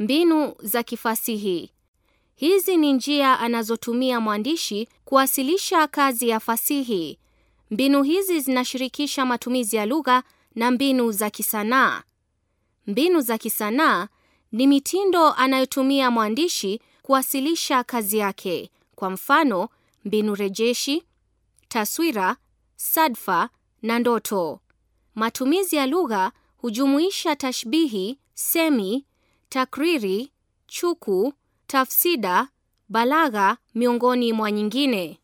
Mbinu za kifasihi. Hizi ni njia anazotumia mwandishi kuwasilisha kazi ya fasihi. Mbinu hizi zinashirikisha matumizi ya lugha na mbinu za kisanaa. Mbinu za kisanaa ni mitindo anayotumia mwandishi kuwasilisha kazi yake. Kwa mfano, mbinu rejeshi, taswira, sadfa na ndoto. Matumizi ya lugha hujumuisha tashbihi, semi takriri, chuku, tafsida, balagha miongoni mwa nyingine.